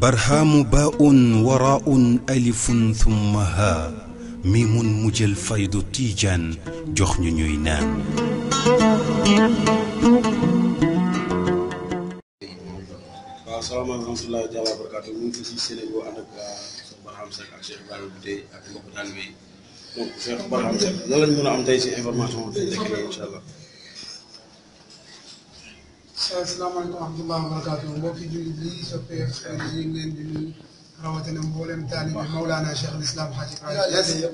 barhaamu baa'un waraa'un alifun thumma haa miimun mu jël faydu tiijaan jox ñu ñuy naan. waaw salaamaaleykum wa euh, am tey ci information bi tey rek incha allah. السلام عليكم ورحمة الله وبركاته مبوكي جولي بليس وفيف خير جيمين دنو روتنا مبولم تالي مولانا شيخ الإسلام حاجي فراجي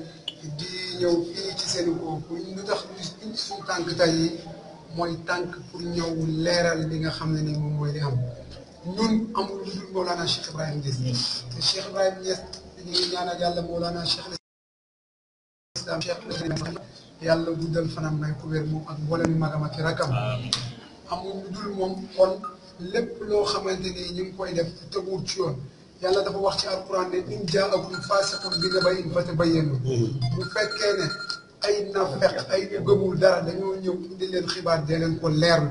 دي نيو في تسيني كوكو ينو تخلوش انسو تانك تاي موي تانك فور نيو ليرا لدينا خمدني مموي دي هم نون أمو لدول مولانا شيخ إبراهيم ديس شيخ إبراهيم ديس دي نيانا جالة مولانا شيخ الإسلام شيخ الإسلام يالله بودل فنان ما يكوير مو أكبولن مغامة كراكم آمين amul lu dul moom kon lépp lo xamanteni ñu ngi koy def te teguwul ci yoon yàlla dafa wax ci alquran ne in jaakum faasiqun bi nabayin fa fatabayyanu bu fekke ne ay nafaq ay gëmul dara dañu ñëw indi leen xibaar de leen ko leer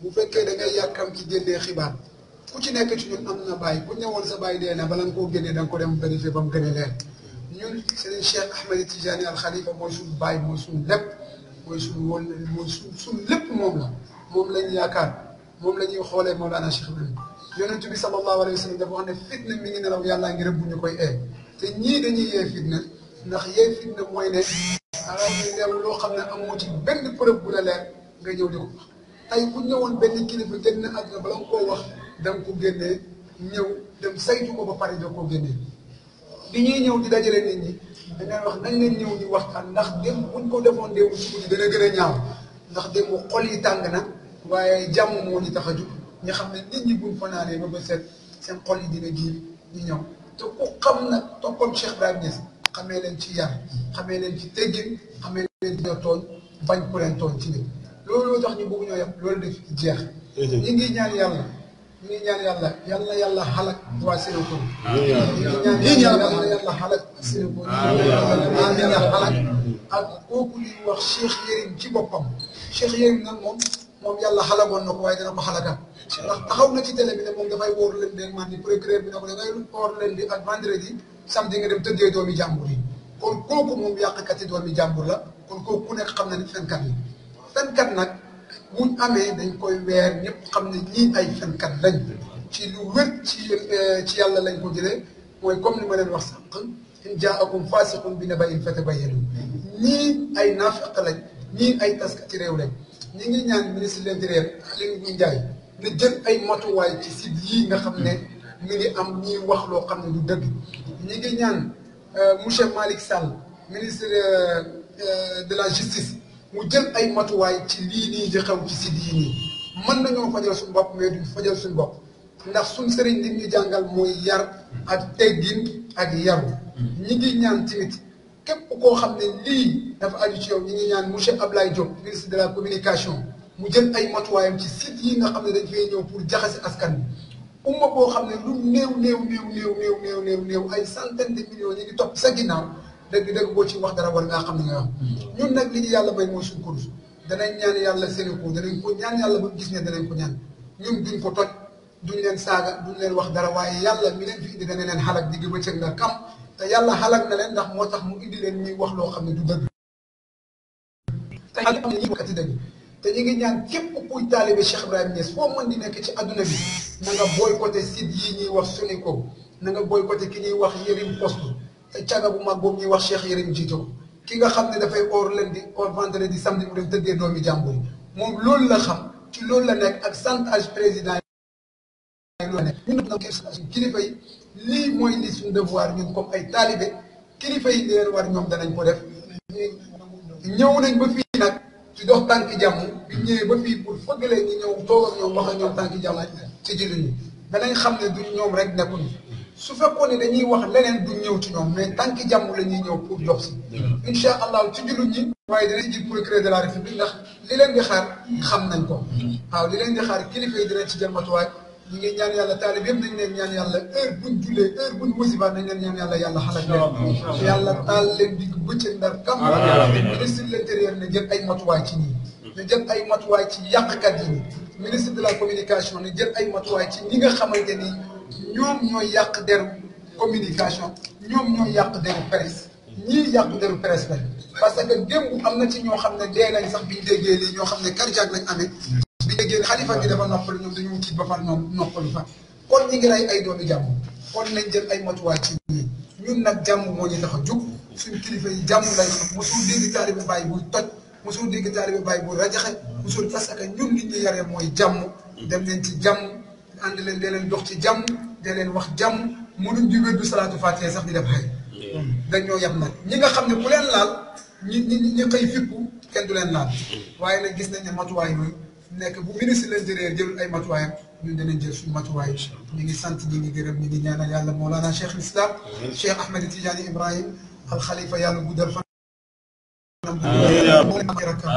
bu fekke da ngay yakam ci génnee xibaar ku ci nekk ci ñun am na bay bu ñewol sa bay de na bala nga koo génnee da nga ko dem vérifier bam mu leen ñun serigne Cheikh Ahmed tijani Al Khalifa mooy suñu bay mooy suñu lépp mooy suñu woon mooy suñu lépp mom la moom lañ yaakaar moom la ñuy xoolee moo Cheikh Ibrahim yonent bi sallallahu alayhi wa sallam dafa wax ne fitna mi ngi nelaw yàllaa ngi rëbb ñu koy ee te ñii dañuy yee fitna ndax yee fitna mooy ne aram loo xam ne amoo ci benn preuve bu la leer nga ñëw di ko wax tey bu ñëwoon benn kilifa génn àdduna bala nga koo wax danga ko génnee ñëw dem saytu ko ba pare doo koo génnee bi ñëw di dajale nit ñi dangay wax nañ leen ñëw ñu waxtaan ndax dem buñ koo defoon démb ci guddi dana gën a ñaaw ndax démb xol yi tàng na waaye jàmm moo ñu tax a jug ñu xam ne nit ñi buñ fanaanee ba ba set seen xol yi dina giir ñu ñëw te ku xam nag toppoon Cheikh Ibrahima Niass xamee leen ci yar xamee leen ci teggin xamee leen dina tooñ bañ ku leen tooñ ci nit loolu tax ñu bëgg ñoo yem loolu def jeex ñu ngi ñaan yàlla ñu ngi ñaan yàlla yal na yàlla xalak waa Sénégal ñu ngi ñaan yàlla yàlla xalak Sénégal yàlla xalak ak kooku ñuy wax Cheikh Yérim ci boppam Cheikh Yérim nag moom mom yàlla xalagoon nako way waaye dana ko xalaga ndax taxaw na ci télé bi ne mom da fay wor leen de man ni procureur bi nako da ko lu wor leen di ak vendredi samedi nga dem teuddé doomi jambour yi kon koku mom yàqkat yi doomi jambour la kon koku ku nek xamna ni fen kat yi fen kat nak buñ amé dañ koy wér ñep xamna ñi ay fen kat lañ ci lu wér ci ci yàlla lañ ko jëlé moy comme ni ma leen wax sax in jaakum fasiqun bi nabain fatabayyanu ni ay nafaq lañ ni ay taskati rew lañ ñi ngi ñaan ministre de l'intérieur Aly jaay na jël ay matuwaay ci site yii nga xam ne mi ngi am ñuy wax loo xam ne du dëgg ñi ngi ñaan euh, monsieur Malick Sall ministre euh, de la justice mu jël ay matuwaay ci lii nii di ci site yii nii mën na fajal suñu bopp mais duñ fajal suñu bopp ndax suñ sëriñ li ñu jàngal mooy yar ak teggin ak yaru ñi ngi ñaan tamit képp koo xam ne lii dafa aju ci yow ñu ngi ñaan monsieur Ablaye Diop ministre de la communication mu jël ay matuwaayam ci site yi nga xam ne dañ fay ñëw pour jaxase askan bi umma boo xam ne lu néew néew néew néew néew néew néew ay centaine de millions ñu ngi topp sa ginnaaw dëgg-dëgg boo ci wax dara war ngaa xam ne nga wax ñun nag li ñu yàlla may mooy suñu kurus danañ ñaan ko ñaan yàlla ba gis ne ko ñaan duñ ko toj duñ leen saaga duñ leen wax dara waaye yàlla mi leen fi indi dana leen xalak digg bëccëg nga kam te yàlla xalak na leen ndax moo tax mu indi leen ñuy wax loo xam ne du dëgg te yàlla am na ñuy waxati dëgg te ñu ngi ñaan képp kuy taalibe Cheikh Ibrahima Niass foo mën di nekk ci adduna bi na nga boycotté site yi ñuy wax Sunico na nga boycotté ki ñuy wax Yérim Post te caga bu mag boobu ñuy wax Cheikh Yérim jiite ko ki nga xam ne dafay or lundi or vendredi samedi mu def tëddee doomi jàmbur moom loolu la xam ci loolu la nekk ak chantage président yi loolu la nekk ñun kilifa yi lii mooy li suñu devoir ñun comme ay taalibe kilifa yi leen war ñoom danañ ko def ñëw nañ ba fii nag ci dox tànk jàmm bi ñëwee ba fii pour fëggalee ñi ñëw toog ak ñoom wax ak ñoom tànk jàmm ci jullit ñi danañ xam du ñoom rek nekkul su fekkoon dañuy wax leneen du ñëw ci ñoom mais tànk jàmm la ñëw pour jox si incha allah ci jullit ñi waaye dinañ jël procureur de la république ndax li leen di xaar xam nañ ko waaw li leen di xaar kilifa yi dinañ ci jël matuwaay ñi ngi ñaan yàlla taalib yëpp nañ leen ñaan yàlla heure buñ julee heure buñ musiba nañ leen ñaan yàlla yàlla xalak leen yàlla taal leen digg bëccëg ndar kam ministre de l'intérieur ne jël ay matuwaay ci ñii ne jël ay matuwaay ci yàqkat yi ministre de la communication ne jël ay matuwaay ci ñi nga xamante ni ñoom ñooy yàq deru communication ñoom ñooy yàq deru presse ñii yàq deru presse la parce que démb am na ci ñoo xam ne dee nañ sax biñ déggee lii ñoo xam ne cardiaque lañ amee léegi xalifa bi dafa noppalu ñoom dañoo tiit ba far noppalu fa kon ñu ngi lay ay doomi jàmm kon nañ jël ay matuwaay ci ñii ñun nag jàmm moo ñu tax a jug suñu kilifa yi jàmm lay mosul dégg taalibe bàyyi buy toj mosul dégg taalibe bàyyi buy rajaxe mosul parce que ñun nit ñu yaree mooy jàmm dem leen ci jàmm ànd leen dee leen dox ci jàmm dee leen wax jàmm mënuñ di wéddu salaatu fatiha sax di def xëy dañoo yem nag ñi nga xam ne ku leen laal ñi ñi ñi xëy fippu kenn du leen laal waaye nag gis nañ ne matuwaay yooyu nekk bu ministre de l'intérieur jëlul ay matuwaayam ñun danañ jël suñu matuwaay ñu ngi sant ñi ngi gërëm ñi ngi ñaanal yàlla Mawlana Cheikh Islam Cheikh Ahmed Tidiane Ibrahim al Khalifa yàlla guddal fan mag rakam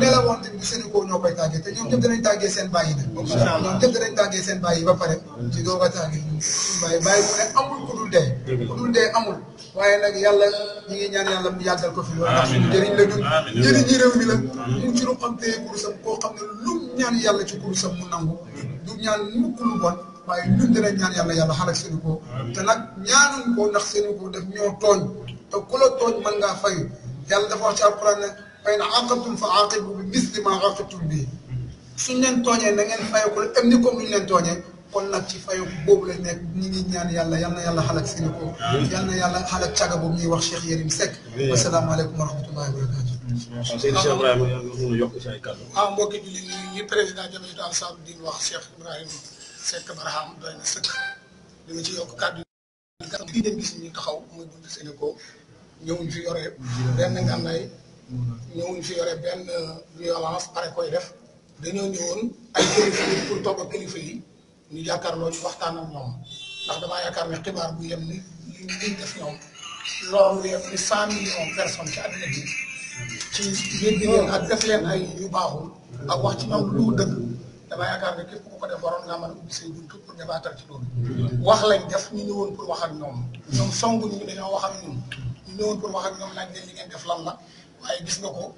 la woon tamit seen ñoo koy tàggee te ñoom ñëpp danañ tàggee seen bàyyi nag ñoom ñëpp danañ tàggee seen bàyyi ba pare ci doo ko tàggee bàyyi bàyyi mu ne amul ku dul dee ku dul dee amul waaye nag yàlla ñi ngi ñaan yàlla mu yàggal ko fi loolu ndax suñu njëriñ la ñun njëriñ yi réew mi la mu ci lu xam téye kurusam koo xam ne lu ñaan yàlla ci kurusam mu nangu du ñaan mukk lu bon waaye de danañ ñaan yàlla yàlla xalak seeni ko te nag ñaanuñ ko ndax seeni ko daf ñoo tooñ te mën ngaa fayu yàlla dafa wax ci alquran nag فإن عاقبتم فعاقبوا بمثل ما عاقبتم به سنن توني نين فايو كول امني كوم ني لن توني كون نك سي فايو بوب لا نيك ني ني نيان يالا يالنا يالا خلق سينكو يالنا يالا خلق تياغا بوم ني واخ شيخ يريم سك والسلام عليكم ورحمه الله وبركاته Sheikh Ibrahim ñëwuñ fi yore benn violence pare koy def dañoo ñëwoon ay kilifa yi pour toog ak kilifa yi ñu jàkkaarloo ñu waxtaan ak ñoom ndax damaa yaakaar ne xibaar bu yem ni li ñu def ñoom loolu yem ni cent millions personnes ci àddina bi ci yéggi leen ak def leen ay yu baaxul ak wax ñoom lu dëgg damaa yaakaar ne képp ku ko def waroon nga mën a ubbi say buntu pour débattre ci loolu wax lañ def ñu ñëwoon pour wax ak ñoom ñoom songu ñu dañoo wax ak ñun ñu ñëwoon pour wax ak ñoom laaj waaye gis nga ko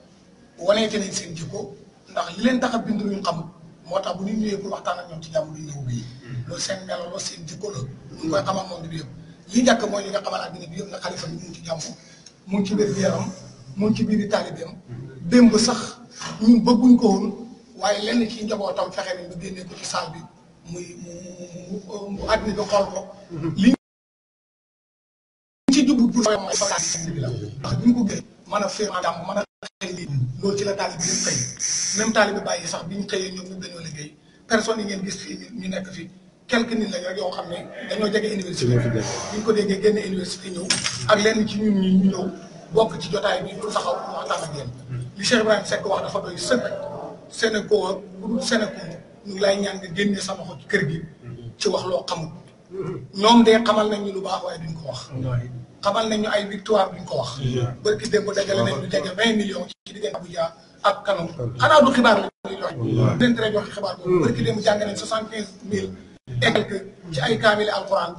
waneete nañ seen jikko ndax li leen tax a bind ñu xam moo tax bu ñu ñëwee pour ñoom ci jàmm duñ la wuyu. loolu seen melo loolu seen jikko la. ñu li njëkk mooy li bi yëpp na xalifa bi mu ngi ci jàmm ci biir yaram mu ngi ci biir hmm. sax bëgguñ ko woon waaye lenn ci njabootam fexe nañ ba génne ko ci bi muy mu mu hmm. ci jublu pour. mooy faral mën a firma a xëy lii loolu ci la taalibe yëpp xëy même taalibe bàyyi sax bi ñu xëyee ñoom ñëpp dañoo liggéey personne yi ngeen gis fii ñu nekk fi quelques nit lañ yoo xam ne dañoo jege université bi ñu ko déggee génn université ñëw ak ci ñun ñu bokk ci jotaay bi pour taxaw waxtaan ak yéen li Cheikh Ibrahima Seck wax dafa doy sëkk Sénégal ak lay ñaan nga génne sama kër gi ci loo xamul mm-hmm. ñoom de xamal nañ ñu lu baax waaye duñ ko wax xamal nañu ay victoire bu ñu wax. barki démb dajale nañ ñu jege vingt millions ci diggante Abuja ak Kano. xanaa du xibaar la ñuy joxe. waaw dinañ tere joxe xibaar boobu. barki démb jàng nañ soixante quinze mille. et quelque ci ay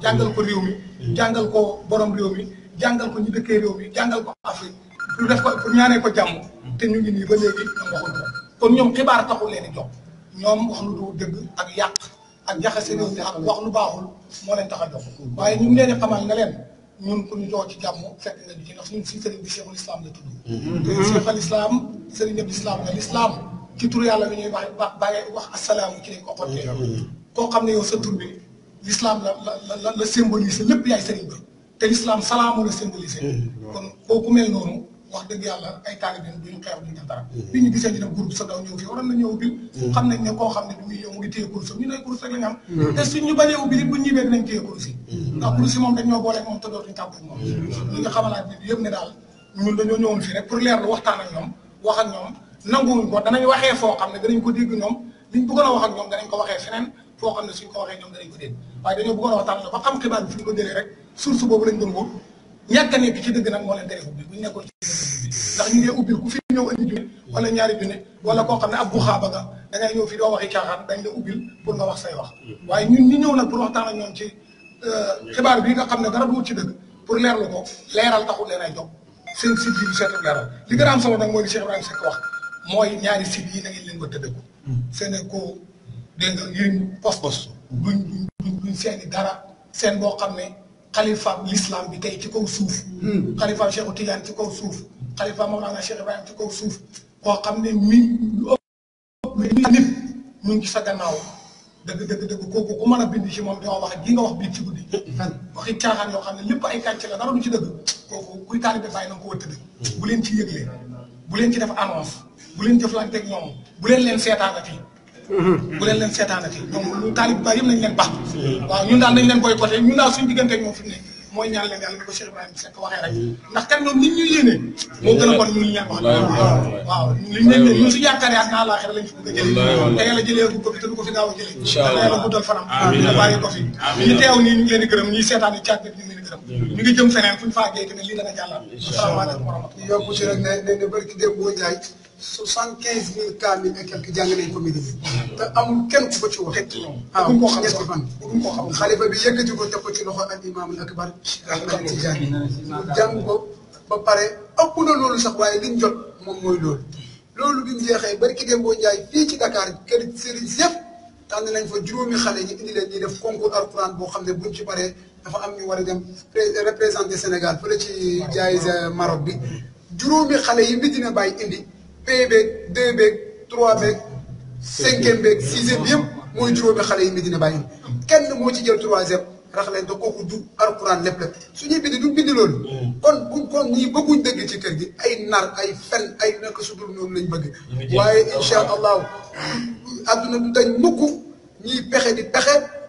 jàngal ko réew mi. jàngal ko borom réew mi jàngal ko ñi dëkkee réew mi jàngal ko Afrique pour def ko pour ko jàmm. te ba léegi ko ñoom xibaar taxul leen di jox ñoom wax lu dëgg ak yàq ak jaxase réew mi ak wax lu baaxul moo leen tax a jox waaye ñu ngi leen xamal na ñun ku ñu jox ci jàmm fekk nga ñu ci ndax ñun suñu sëriñ bi cheikhul islam la tudd. Mhm. cheikhul islam sëriñ yëpp islam la l'islam ci tur yàlla bi ñuy wax bàyyi wax asalaamu koo xam ne yow sa bi l'islam la la la la symbolisé lépp yaay sëriñ bi te l'islam salaamu la symbolisé. Mhm, kon kooku mel noonu. wax dëgg yàlla ay taalibeem duñu xeex duñu def dara mm-hmm. bi ñu gisee ñu dem groupe sa daw ñëw fii waroon na ñëw ubbi mm-hmm. xam nañ ne koo xam ne du muy ñëw mu ñu ne kurus rek am mm-hmm. moom dañ ne daal ñun ko danañ waxee foo xam ne danañ ko dégg ñoom liñ bëggoon a wax ak ñoom ko waxee feneen foo xam ne ba xam xibaar fi ñu ko rek source boobu lañ doon wóor ñàkk a nekk ci dëgg na moo leen tere bi bu ñu ci ndax ñu ngi ubbil ku fi ñëw indi junne wala ñaari junne wala koo xam ne ab bu xaaba nga da ngay ñëw fii doo waxi caaxaan dañ la ubbil pour nga wax say wax waaye ñun ñi ñëw nag pour waxtaan ak ñoom ci xibaar bi nga xam ne dara duwut ci dëgg pour leerlu ko leeral taxul leen ay jóg seen site bi seetu leeral li gën a am solo nag mooy li Cheikh Ibrahima Seck wax mooy ñaari site yi na ngeen leen ko tëddeku seen ko dégg nga yéen pos-pos duñ duñ duñ seeni dara seen boo xam ne xalifaam l'islam bi tey ci kaw suuf xalifaam Cheikh Tidiane ci kaw suuf xalifa Mawlana Cheikh Ibrahima ci kaw suuf koo xam ne mi lu ëpp mi nit ñu ngi dëgg dëgg dëgg kooku ku mën a bind ci moom doo wax li nga wax biig ci guddi hmm. waxi caaxaan yoo xam ne lépp ay kàcc la dara du ci dëgg kooku kuy taalibe bàyyi na nga ko wëtt dëgg hmm. bu leen ci yëgle bu leen ci def annonce bu leen jëflanteeg ñoom bu leen leen seetaanati hmm. bu leen leen seetaanati donc lu taalib bàyyi yëpp nañ leen baax waaw ñun daal nañ leen boycotté ñun daal suñu digganteeg ñoom fi mu mooy ñaan leen yàlla ni ko Cheikh Ibrahima Seck waxee rek ndax kat ñoom nit ñu yéene moo gën a bon ñun leen wax waaw liñ leen ñun suñu yaakaar yaak naa laaxira lañ fi bëgg a jëlee te yàlla jëlee bu ko fi te du fi daaw a jëlee te yàlla guddal fanam da bàyyi ko fi ñu teew nii ñu ngi leen di seetaan yi caat bi ñu ngi leen di gërëm ñu ngi jëm feneen fu ñu faagee que ne lii dana jàllal asalaamaaleykum wa rahmatulah yow monsieur ne ne barki démb boo jaay soixante quinze mille cas mille et quelques jàng nañ ko Médina te amul kenn ku ko ci wax. tekki ñoom ah bu ñu ko xam ñetti fan. bu ñu ko teg ko ci loxo al imaamul akbar ba pare ëpp na loolu sax waaye liñ jot moom mooy loolu. loolu bi mu jeexee bari ki Demba Ndiaye fii ci Dakar kër sëriñ yëpp tànn nañ fa juróomi xale ñu indi leen ñuy def concours alquran boo xam ne buñ ci paree dafa am ñu war a dem représenté Sénégal fële ci jaay euh, Maroc bi juróomi xale yi Médina Baye indi. pay beeg deux beeg trois beeg cinquième beeg sixième yëpp mooy juróomi xale yi Medina Baye kenn moo ci jël troisième rax leen te kooku du alquran lépp la su ñuy bind du bind loolu. kon bu kon ñii bëgguñ dëgg ci kër gi ay nar ay fen ay naka su dul noonu lañ bëgg. waaye incha allahu adduna du dañ mukk ñiy pexe di pexe.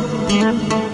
Thank you.